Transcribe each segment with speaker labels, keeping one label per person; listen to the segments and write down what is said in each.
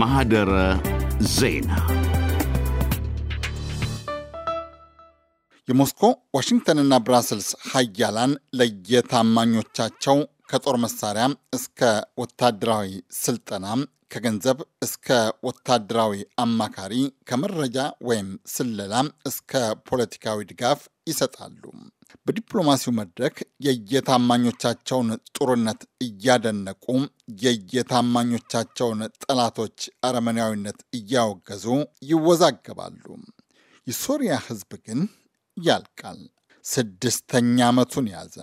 Speaker 1: ማህደረ ዜና የሞስኮ ዋሽንግተንና ብራስልስ ሀያላን ለየታማኞቻቸው ከጦር መሳሪያ እስከ ወታደራዊ ስልጠና ከገንዘብ እስከ ወታደራዊ አማካሪ ከመረጃ ወይም ስለላ እስከ ፖለቲካዊ ድጋፍ ይሰጣሉ። በዲፕሎማሲው መድረክ የየታማኞቻቸውን ጥሩነት እያደነቁ የየታማኞቻቸውን ጠላቶች አረመናዊነት እያወገዙ ይወዛገባሉ። የሶሪያ ሕዝብ ግን ያልቃል። ስድስተኛ ዓመቱን ያዘ።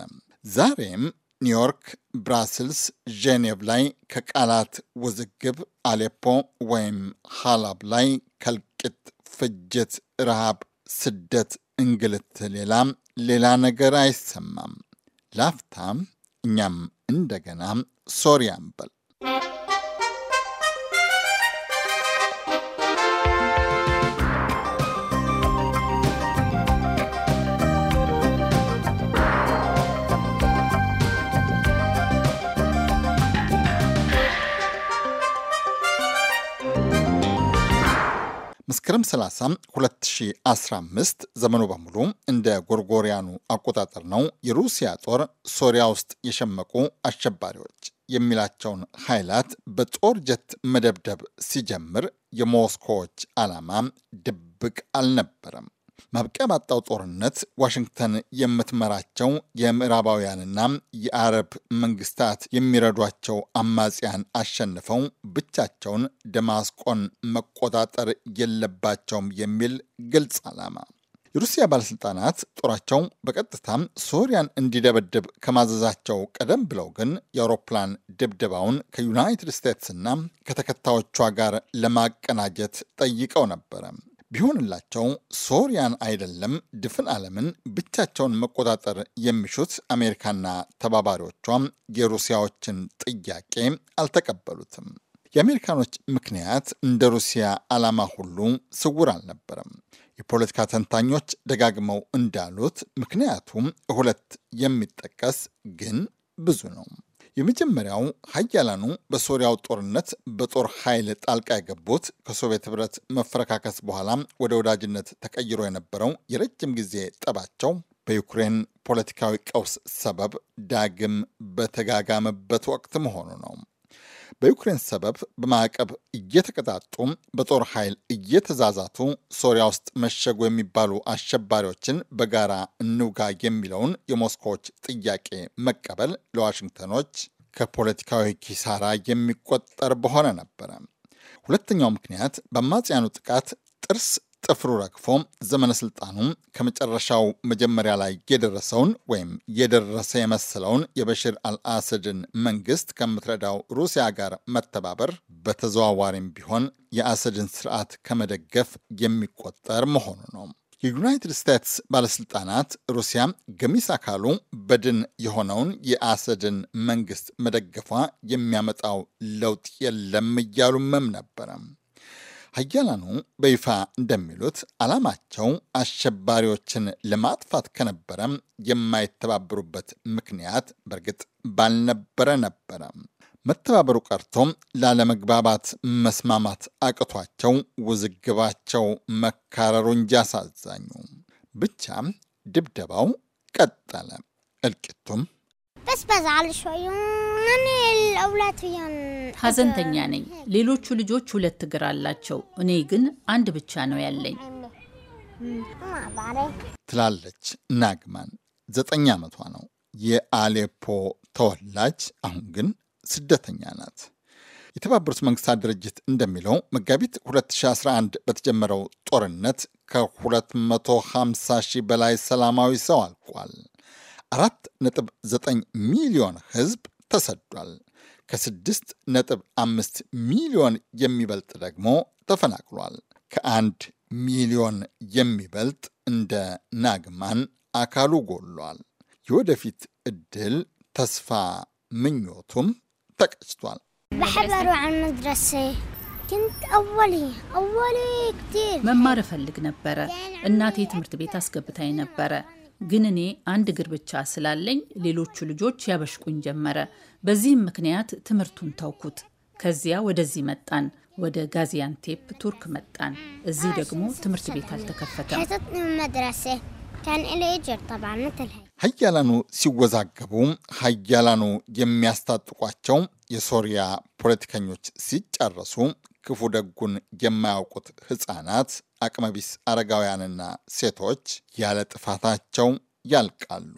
Speaker 1: ዛሬም ኒውዮርክ፣ ብራስልስ፣ ጄኔቭ ላይ ከቃላት ውዝግብ፣ አሌፖ ወይም ሃላብ ላይ ከልቅት፣ ፍጅት፣ ረሃብ፣ ስደት እንግልት ሌላም ሌላ ነገር አይሰማም። ላፍታም እኛም እንደገና ሶሪያም በል መስከረም 30 2015 ዘመኑ በሙሉ እንደ ጎርጎሪያኑ አቆጣጠር ነው። የሩሲያ ጦር ሶሪያ ውስጥ የሸመቁ አሸባሪዎች የሚላቸውን ኃይላት በጦር ጀት መደብደብ ሲጀምር የሞስኮዎች ዓላማ ድብቅ አልነበረም። ማብቂያ ባጣው ጦርነት ዋሽንግተን የምትመራቸው የምዕራባውያንና የአረብ መንግስታት የሚረዷቸው አማጽያን አሸንፈው ብቻቸውን ደማስቆን መቆጣጠር የለባቸውም የሚል ግልጽ ዓላማ። የሩሲያ ባለሥልጣናት ጦራቸው በቀጥታም ሶሪያን እንዲደበድብ ከማዘዛቸው ቀደም ብለው ግን የአውሮፕላን ድብደባውን ከዩናይትድ ስቴትስና ከተከታዮቿ ጋር ለማቀናጀት ጠይቀው ነበረ። ቢሆንላቸው ሶሪያን አይደለም ድፍን ዓለምን ብቻቸውን መቆጣጠር የሚሹት አሜሪካና ተባባሪዎቿም የሩሲያዎችን ጥያቄ አልተቀበሉትም። የአሜሪካኖች ምክንያት እንደ ሩሲያ ዓላማ ሁሉ ስውር አልነበረም። የፖለቲካ ተንታኞች ደጋግመው እንዳሉት ምክንያቱም ሁለት የሚጠቀስ ግን ብዙ ነው። የመጀመሪያው ሀያላኑ በሶሪያው ጦርነት በጦር ኃይል ጣልቃ የገቡት ከሶቪየት ህብረት መፈረካከስ በኋላ ወደ ወዳጅነት ተቀይሮ የነበረው የረጅም ጊዜ ጠባቸው በዩክሬን ፖለቲካዊ ቀውስ ሰበብ ዳግም በተጋጋመበት ወቅት መሆኑ ነው። በዩክሬን ሰበብ በማዕቀብ እየተቀጣጡ በጦር ኃይል እየተዛዛቱ ሶሪያ ውስጥ መሸጉ የሚባሉ አሸባሪዎችን በጋራ እንውጋ የሚለውን የሞስኮዎች ጥያቄ መቀበል ለዋሽንግተኖች ከፖለቲካዊ ኪሳራ የሚቆጠር በሆነ ነበረ። ሁለተኛው ምክንያት በአማጽያኑ ጥቃት ጥርስ ጥፍሩ ረግፎ ዘመነ ስልጣኑ ከመጨረሻው መጀመሪያ ላይ የደረሰውን ወይም የደረሰ የመሰለውን የበሽር አልአሰድን መንግስት ከምትረዳው ሩሲያ ጋር መተባበር በተዘዋዋሪም ቢሆን የአሰድን ስርዓት ከመደገፍ የሚቆጠር መሆኑ ነው። የዩናይትድ ስቴትስ ባለስልጣናት ሩሲያ ገሚስ አካሉ በድን የሆነውን የአሰድን መንግስት መደገፏ የሚያመጣው ለውጥ የለም እያሉምም ነበረም። ሀያላኑ በይፋ እንደሚሉት ዓላማቸው አሸባሪዎችን ለማጥፋት ከነበረም የማይተባበሩበት ምክንያት በእርግጥ ባልነበረ ነበረ። መተባበሩ ቀርቶም ላለመግባባት መስማማት አቅቷቸው ውዝግባቸው መካረሩ እንጂ አሳዛኙ ብቻ ድብደባው ቀጠለ፣ እልቂቱም بس
Speaker 2: እኔ ለአውላት ሀዘንተኛ ነኝ። ሌሎቹ ልጆች ሁለት እግር አላቸው፣ እኔ ግን አንድ ብቻ ነው ያለኝ
Speaker 1: ትላለች ናግማን። ዘጠኝ ዓመቷ ነው። የአሌፖ ተወላጅ አሁን ግን ስደተኛ ናት። የተባበሩት መንግስታት ድርጅት እንደሚለው መጋቢት 2011 በተጀመረው ጦርነት ከ250 ሺህ በላይ ሰላማዊ ሰው አልቋል። 4.9 ሚሊዮን ህዝብ ተሰዷል። ከ6.5 ሚሊዮን የሚበልጥ ደግሞ ተፈናቅሏል። ከአንድ ሚሊዮን የሚበልጥ እንደ ናግማን አካሉ ጎሏል። የወደፊት እድል ተስፋ ምኞቱም ተቀጭቷል። በሐበሩ አን መድረሴ كنت أولي
Speaker 2: መማር እፈልግ ነበረ። እናቴ ትምህርት ቤት አስገብታኝ ነበረ። ግን እኔ አንድ እግር ብቻ ስላለኝ ሌሎቹ ልጆች ያበሽቁኝ ጀመረ። በዚህም ምክንያት ትምህርቱን ተውኩት። ከዚያ ወደዚህ መጣን። ወደ ጋዚያንቴፕ ቱርክ መጣን። እዚህ ደግሞ ትምህርት ቤት
Speaker 1: አልተከፈተም። ሀያላኑ ሲወዛገቡ ሀያላኑ የሚያስታጥቋቸው የሶሪያ ፖለቲከኞች ሲጨረሱ ክፉ ደጉን የማያውቁት ህጻናት አቅመቢስ አረጋውያንና ሴቶች ያለ ጥፋታቸው ያልቃሉ።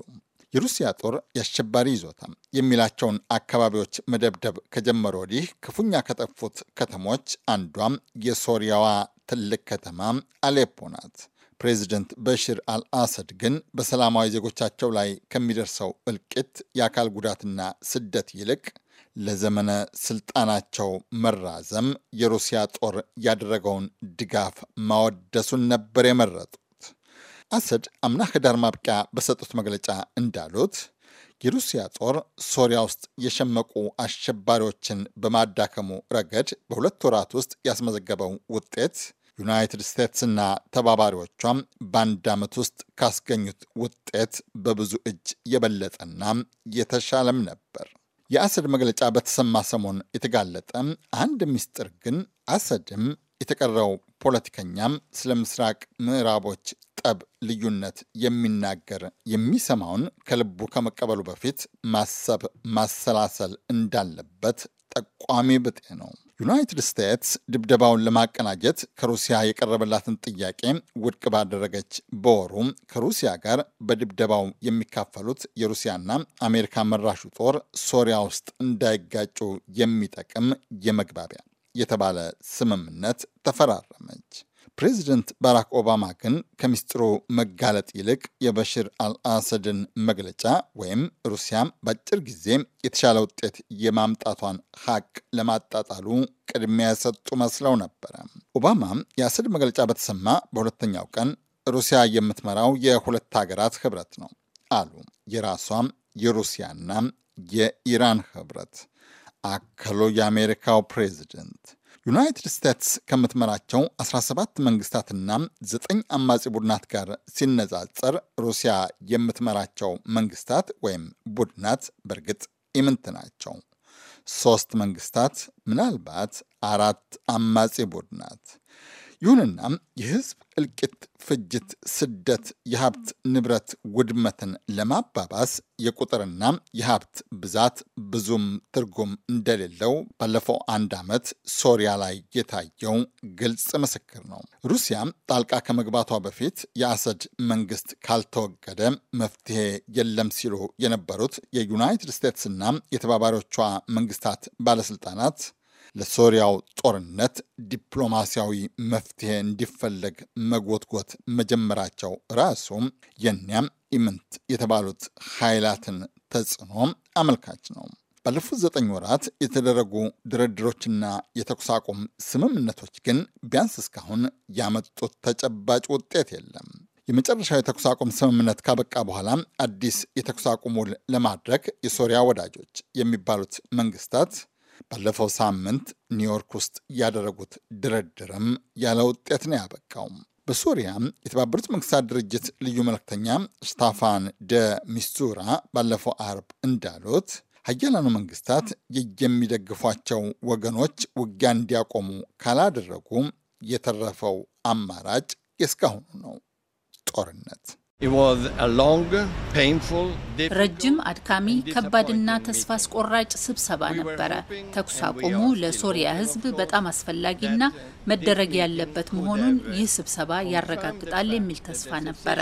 Speaker 1: የሩሲያ ጦር የአሸባሪ ይዞታ የሚላቸውን አካባቢዎች መደብደብ ከጀመረ ወዲህ ክፉኛ ከጠፉት ከተሞች አንዷም የሶሪያዋ ትልቅ ከተማ አሌፖ ናት። ፕሬዚደንት በሽር አልአሰድ ግን በሰላማዊ ዜጎቻቸው ላይ ከሚደርሰው እልቂት፣ የአካል ጉዳትና ስደት ይልቅ ለዘመነ ስልጣናቸው መራዘም የሩሲያ ጦር ያደረገውን ድጋፍ ማወደሱን ነበር የመረጡት። አሰድ አምና ህዳር ማብቂያ በሰጡት መግለጫ እንዳሉት የሩሲያ ጦር ሶሪያ ውስጥ የሸመቁ አሸባሪዎችን በማዳከሙ ረገድ በሁለት ወራት ውስጥ ያስመዘገበው ውጤት ዩናይትድ ስቴትስና ተባባሪዎቿም በአንድ ዓመት ውስጥ ካስገኙት ውጤት በብዙ እጅ የበለጠና የተሻለም ነበር። የአሰድ መግለጫ በተሰማ ሰሞን የተጋለጠ አንድ ምስጢር ግን አሰድም የተቀረው ፖለቲከኛም ስለ ምስራቅ ምዕራቦች ጠብ ልዩነት የሚናገር የሚሰማውን ከልቡ ከመቀበሉ በፊት ማሰብ ማሰላሰል እንዳለበት ጠቋሚ ብጤ ነው። ዩናይትድ ስቴትስ ድብደባውን ለማቀናጀት ከሩሲያ የቀረበላትን ጥያቄ ውድቅ ባደረገች በወሩ ከሩሲያ ጋር በድብደባው የሚካፈሉት የሩሲያና አሜሪካ መራሹ ጦር ሶሪያ ውስጥ እንዳይጋጩ የሚጠቅም የመግባቢያ የተባለ ስምምነት ተፈራረመች። ፕሬዚደንት ባራክ ኦባማ ግን ከሚስጥሩ መጋለጥ ይልቅ የበሽር አልአሰድን መግለጫ ወይም ሩሲያም በአጭር ጊዜ የተሻለ ውጤት የማምጣቷን ሀቅ ለማጣጣሉ ቅድሚያ የሰጡ መስለው ነበረ። ኦባማ የአሰድ መግለጫ በተሰማ በሁለተኛው ቀን ሩሲያ የምትመራው የሁለት ሀገራት ህብረት ነው አሉ። የራሷም የሩሲያና የኢራን ህብረት አከሎ የአሜሪካው ፕሬዚደንት ዩናይትድ ስቴትስ ከምትመራቸው 17 መንግስታትና ዘጠኝ አማጺ ቡድናት ጋር ሲነጻጸር ሩሲያ የምትመራቸው መንግስታት ወይም ቡድናት በእርግጥ ይምንት ናቸው። ሶስት መንግስታት፣ ምናልባት አራት አማጺ ቡድናት ይሁንና የህዝብ እልቂት፣ ፍጅት፣ ስደት፣ የሀብት ንብረት ውድመትን ለማባባስ የቁጥርና የሀብት ብዛት ብዙም ትርጉም እንደሌለው ባለፈው አንድ ዓመት ሶሪያ ላይ የታየው ግልጽ ምስክር ነው። ሩሲያ ጣልቃ ከመግባቷ በፊት የአሰድ መንግስት ካልተወገደ መፍትሄ የለም ሲሉ የነበሩት የዩናይትድ ስቴትስና የተባባሪዎቿ መንግስታት ባለስልጣናት ለሶሪያው ጦርነት ዲፕሎማሲያዊ መፍትሄ እንዲፈለግ መጎትጎት መጀመራቸው ራሱም የኒያም ኢምንት የተባሉት ኃይላትን ተጽዕኖ አመልካች ነው። ባለፉት ዘጠኝ ወራት የተደረጉ ድርድሮችና የተኩስ አቁም ስምምነቶች ግን ቢያንስ እስካሁን ያመጡት ተጨባጭ ውጤት የለም። የመጨረሻው የተኩስ አቁም ስምምነት ካበቃ በኋላ አዲስ የተኩስ አቁም ውል ለማድረግ የሶሪያ ወዳጆች የሚባሉት መንግስታት ባለፈው ሳምንት ኒውዮርክ ውስጥ ያደረጉት ድርድርም ያለ ውጤት ነው ያበቃው። በሱሪያ የተባበሩት መንግስታት ድርጅት ልዩ መልክተኛ ስታፋን ደ ሚስቱራ ባለፈው አርብ እንዳሉት ሀያላኑ መንግስታት የሚደግፏቸው ወገኖች ውጊያ እንዲያቆሙ ካላደረጉ የተረፈው አማራጭ የእስካሁኑ ነው፣ ጦርነት። ረጅም፣
Speaker 2: አድካሚ፣ ከባድና ተስፋ አስቆራጭ ስብሰባ ነበረ። ተኩስ አቁሙ ለሶሪያ ሕዝብ በጣም አስፈላጊና መደረግ ያለበት መሆኑን ይህ ስብሰባ ያረጋግጣል የሚል ተስፋ ነበረ።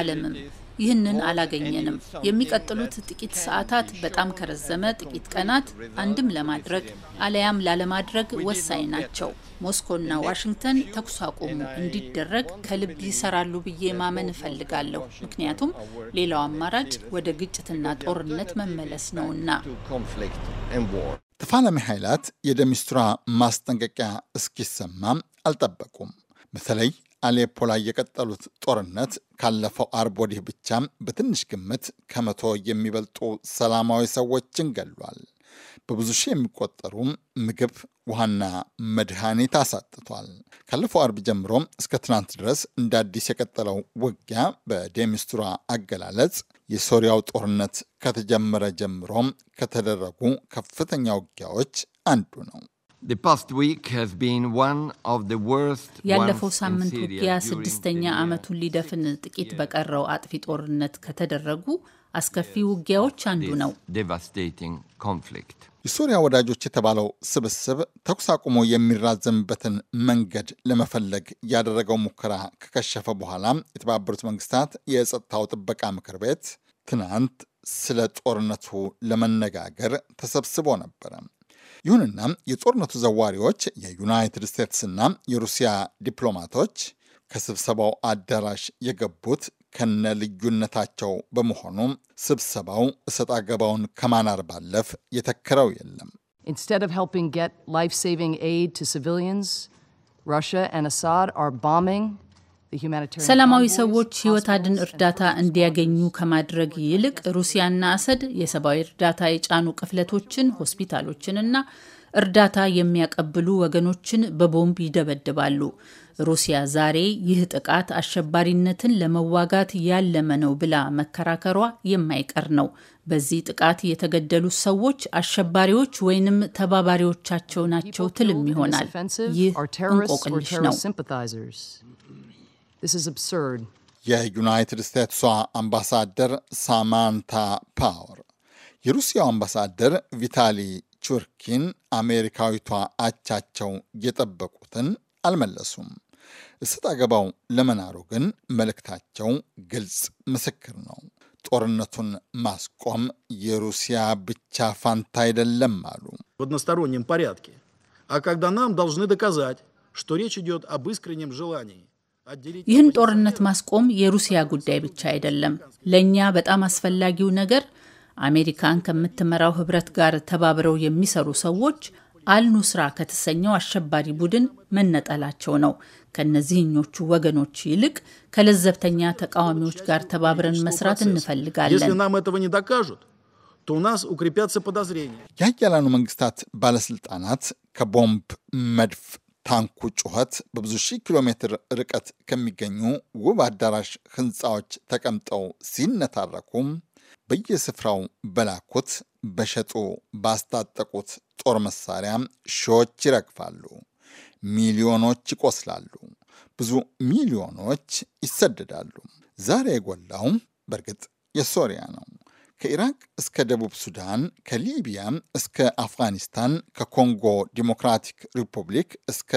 Speaker 2: ዓለምም ይህንን አላገኘንም። የሚቀጥሉት ጥቂት ሰዓታት በጣም ከረዘመ ጥቂት ቀናት አንድም ለማድረግ አለያም ላለማድረግ ወሳኝ ናቸው። ሞስኮና ዋሽንግተን ተኩስ አቁሙ እንዲደረግ ከልብ ይሰራሉ ብዬ ማመን እፈልጋለሁ። ምክንያቱም ሌላው አማራጭ ወደ ግጭትና ጦርነት መመለስ ነውና።
Speaker 1: ተፋላሚ ኃይላት የደሚስትራ ማስጠንቀቂያ እስኪሰማም አልጠበቁም። በተለይ አሌፖ ላይ የቀጠሉት ጦርነት ካለፈው አርብ ወዲህ ብቻ በትንሽ ግምት ከመቶ የሚበልጡ ሰላማዊ ሰዎችን ገሏል። በብዙ ሺህ የሚቆጠሩ ምግብ፣ ውሃና መድኃኒት አሳጥቷል። ካለፈው አርብ ጀምሮ እስከ ትናንት ድረስ እንደ አዲስ የቀጠለው ውጊያ በዴሚስቱራ አገላለጽ የሶሪያው ጦርነት ከተጀመረ ጀምሮ ከተደረጉ ከፍተኛ ውጊያዎች አንዱ ነው። ያለፈው ሳምንት ውጊያ ስድስተኛ
Speaker 2: ዓመቱን ሊደፍን ጥቂት በቀረው አጥፊ ጦርነት ከተደረጉ አስከፊ ውጊያዎች አንዱ ነው።
Speaker 1: የሶሪያ ወዳጆች የተባለው ስብስብ ተኩስ አቁሞ የሚራዘምበትን መንገድ ለመፈለግ ያደረገው ሙከራ ከከሸፈ በኋላ የተባበሩት መንግስታት የጸጥታው ጥበቃ ምክር ቤት ትናንት ስለ ጦርነቱ ለመነጋገር ተሰብስቦ ነበረ። ይሁንና የጦርነቱ ዘዋሪዎች የዩናይትድ ስቴትስና የሩሲያ ዲፕሎማቶች ከስብሰባው አዳራሽ የገቡት ከነ ልዩነታቸው በመሆኑ ስብሰባው እሰጥ አገባውን ከማናር ባለፍ የተከረው የለም። Instead of helping get life-saving aid to civilians, Russia and Assad are bombing ሰላማዊ
Speaker 2: ሰዎች ሕይወት አድን እርዳታ እንዲያገኙ ከማድረግ ይልቅ ሩሲያና አሰድ የሰብአዊ እርዳታ የጫኑ ቅፍለቶችን፣ ሆስፒታሎችንና እርዳታ የሚያቀብሉ ወገኖችን በቦምብ ይደበድባሉ። ሩሲያ ዛሬ ይህ ጥቃት አሸባሪነትን ለመዋጋት ያለመ ነው ብላ መከራከሯ የማይቀር ነው። በዚህ ጥቃት የተገደሉ ሰዎች አሸባሪዎች ወይንም ተባባሪዎቻቸው ናቸው ትልም ይሆናል። ይህ እንቆቅልሽ ነው።
Speaker 1: This is absurd. የዩናይትድ ስቴትሷ አምባሳደር ሳማንታ ፓወር የሩሲያው አምባሳደር ቪታሊ ቹርኪን አሜሪካዊቷ አቻቸው የጠበቁትን አልመለሱም። እሰጥ አገባው ለመናሩ ግን መልእክታቸው ግልጽ ምስክር ነው። ጦርነቱን ማስቆም የሩሲያ ብቻ ፋንታ አይደለም አሉ። በአድነስታሮኝም порядке а когда нам должны доказать, что речь идет об искреннем желании ይህን
Speaker 2: ጦርነት ማስቆም የሩሲያ ጉዳይ ብቻ አይደለም። ለእኛ በጣም አስፈላጊው ነገር አሜሪካን ከምትመራው ህብረት ጋር ተባብረው የሚሰሩ ሰዎች አልኑስራ ከተሰኘው አሸባሪ ቡድን መነጠላቸው ነው። ከነዚህኞቹ ወገኖች ይልቅ ከለዘብተኛ ተቃዋሚዎች ጋር ተባብረን መስራት እንፈልጋለን።
Speaker 1: የአያላኑ መንግስታት ባለስልጣናት ከቦምብ መድፍ ታንኩ ጩኸት በብዙ ሺህ ኪሎ ሜትር ርቀት ከሚገኙ ውብ አዳራሽ ህንፃዎች ተቀምጠው ሲነታረኩም በየስፍራው በላኩት በሸጡ ባስታጠቁት ጦር መሳሪያ ሺዎች ይረግፋሉ፣ ሚሊዮኖች ይቆስላሉ፣ ብዙ ሚሊዮኖች ይሰደዳሉ። ዛሬ የጎላው በእርግጥ የሶሪያ ነው። ከኢራቅ እስከ ደቡብ ሱዳን፣ ከሊቢያ እስከ አፍጋኒስታን፣ ከኮንጎ ዲሞክራቲክ ሪፑብሊክ እስከ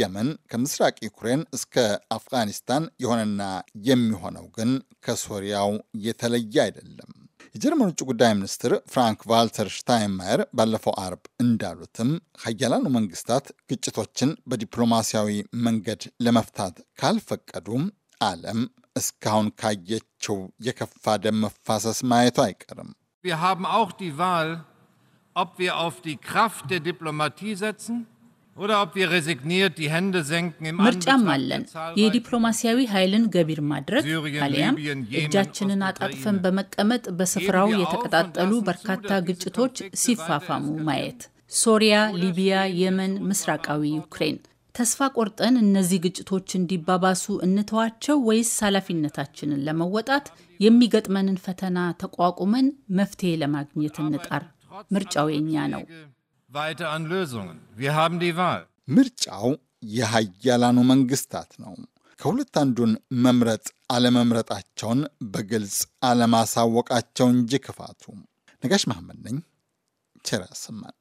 Speaker 1: የመን፣ ከምስራቅ ዩክሬን እስከ አፍጋኒስታን የሆነና የሚሆነው ግን ከሶሪያው የተለየ አይደለም። የጀርመን ውጭ ጉዳይ ሚኒስትር ፍራንክ ቫልተር ሽታይንማየር ባለፈው አርብ እንዳሉትም ሀያላኑ መንግስታት ግጭቶችን በዲፕሎማሲያዊ መንገድ ለመፍታት ካልፈቀዱም ዓለም እስካሁን ካየችው የከፋ ደም መፋሰስ ማየቱ አይቀርም። Wir haben auch die Wahl, ob wir auf die Kraft der Diplomatie setzen ምርጫም
Speaker 2: አለን። የዲፕሎማሲያዊ ኃይልን ገቢር ማድረግ አሊያም እጃችንን አጣጥፈን በመቀመጥ በስፍራው የተቀጣጠሉ በርካታ ግጭቶች ሲፋፋሙ ማየት። ሶሪያ፣ ሊቢያ፣ የመን፣ ምስራቃዊ ዩክሬን ተስፋ ቆርጠን እነዚህ ግጭቶች እንዲባባሱ እንተዋቸው ወይስ ኃላፊነታችንን ለመወጣት የሚገጥመንን ፈተና ተቋቁመን መፍትሄ ለማግኘት እንጣር? ምርጫው የኛ ነው።
Speaker 1: ምርጫው የሀያላኑ መንግስታት ነው። ከሁለት አንዱን መምረጥ አለመምረጣቸውን በግልጽ አለማሳወቃቸው እንጂ ክፋቱ። ነጋሽ መሐመድ ነኝ። ቸር ያሰማን።